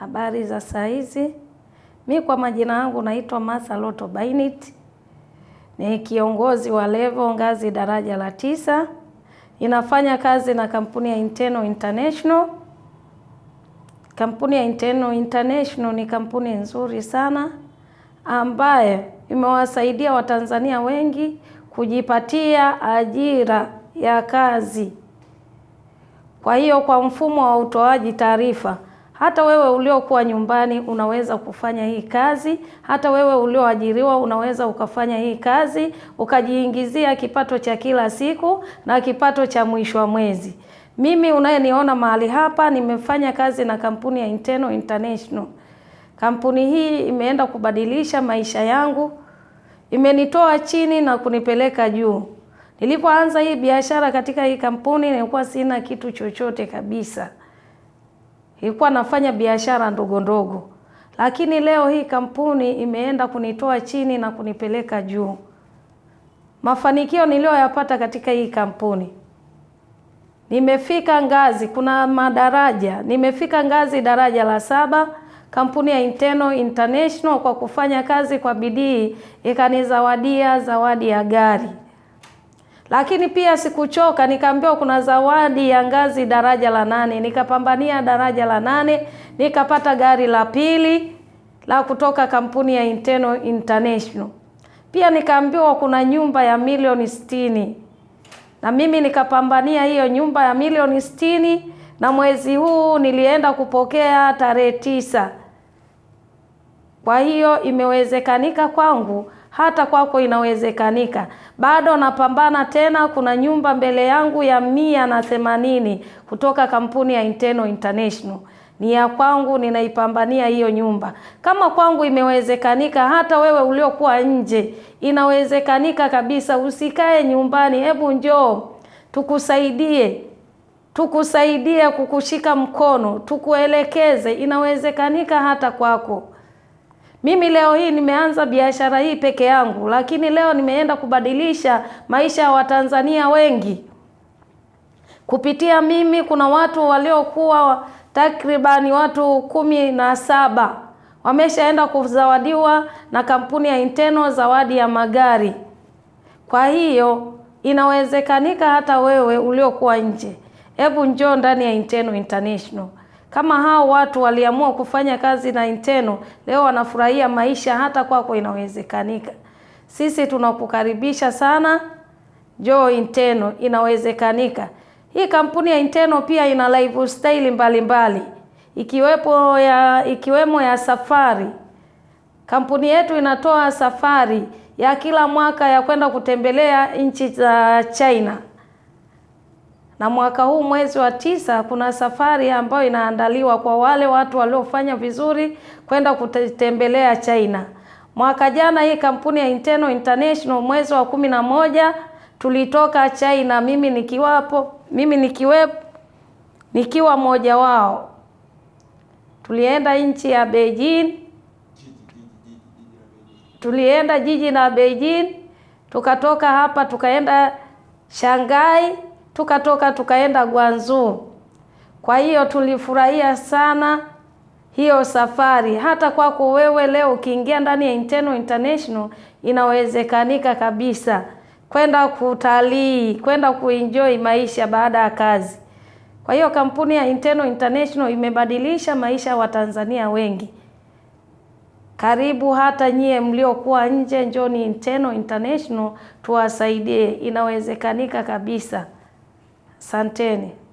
Habari za saizi, mi kwa majina yangu naitwa Martha Loto Bainit, ni kiongozi wa levo ngazi daraja la tisa, inafanya kazi na kampuni ya Interno International. Kampuni ya Interno International ni kampuni nzuri sana ambaye imewasaidia Watanzania wengi kujipatia ajira ya kazi. Kwa hiyo kwa mfumo wa utoaji taarifa hata wewe uliokuwa nyumbani unaweza kufanya hii kazi. Hata wewe ulioajiriwa unaweza ukafanya hii kazi ukajiingizia kipato cha kila siku na kipato cha mwisho wa mwezi. Mimi unayeniona mahali hapa, nimefanya kazi na kampuni ya Eternal International. Kampuni hii imeenda kubadilisha maisha yangu, imenitoa chini na kunipeleka juu. Nilipoanza hii biashara katika hii kampuni, nilikuwa sina kitu chochote kabisa. Nilikuwa nafanya biashara ndogo ndogo, lakini leo hii kampuni imeenda kunitoa chini na kunipeleka juu. Mafanikio niliyoyapata katika hii kampuni, nimefika ngazi, kuna madaraja, nimefika ngazi daraja la saba kampuni ya Interno International kwa kufanya kazi kwa bidii ikanizawadia zawadi ya gari. Lakini pia sikuchoka, nikaambiwa kuna zawadi ya ngazi daraja la nane. Nikapambania daraja la nane, nikapata gari la pili la kutoka kampuni ya Interno International. Pia nikaambiwa kuna nyumba ya milioni sitini na mimi nikapambania hiyo nyumba ya milioni sitini na mwezi huu nilienda kupokea tarehe tisa. Kwa hiyo imewezekanika kwangu hata kwako inawezekanika. Bado napambana tena, kuna nyumba mbele yangu ya mia na themanini kutoka kampuni ya inteno International ni ya kwangu, ninaipambania hiyo nyumba. Kama kwangu imewezekanika, hata wewe uliokuwa nje inawezekanika kabisa. Usikae nyumbani, hebu njoo tukusaidie, tukusaidie kukushika mkono, tukuelekeze, inawezekanika hata kwako. Mimi leo hii nimeanza biashara hii peke yangu, lakini leo nimeenda kubadilisha maisha ya Watanzania wengi kupitia mimi. Kuna watu waliokuwa takribani watu kumi na saba wameshaenda kuzawadiwa na kampuni ya Inteno zawadi ya magari. Kwa hiyo inawezekanika hata wewe uliokuwa nje, hebu njoo ndani ya Inteno International. Kama hao watu waliamua kufanya kazi na inteno leo wanafurahia maisha, hata kwako inawezekanika. Sisi tunakukaribisha sana, joo inteno inawezekanika. Hii kampuni ya inteno pia ina lifestyle mbalimbali ikiwepo ya ikiwemo ya safari. Kampuni yetu inatoa safari ya kila mwaka ya kwenda kutembelea nchi za China na mwaka huu mwezi wa tisa kuna safari ambayo inaandaliwa kwa wale watu waliofanya vizuri kwenda kutembelea China. Mwaka jana hii kampuni ya Interno International mwezi wa kumi na moja tulitoka China, mimi nikiwapo, mimi nikiwe nikiwa mmoja wao. Tulienda nchi ya Beijing, tulienda jiji la Beijing, tukatoka hapa tukaenda Shanghai tukatoka tukaenda Gwanzu. Kwa hiyo tulifurahia sana hiyo safari. Hata kwako wewe leo ukiingia ndani ya inteno International inawezekanika kabisa kwenda kutalii, kwenda kuenjoy maisha baada ya kazi. Kwa hiyo kampuni ya Eternal International imebadilisha maisha ya Watanzania wengi. Karibu hata nyie mliokuwa nje, njoni Eternal International tuwasaidie, inawezekanika kabisa. Santeni.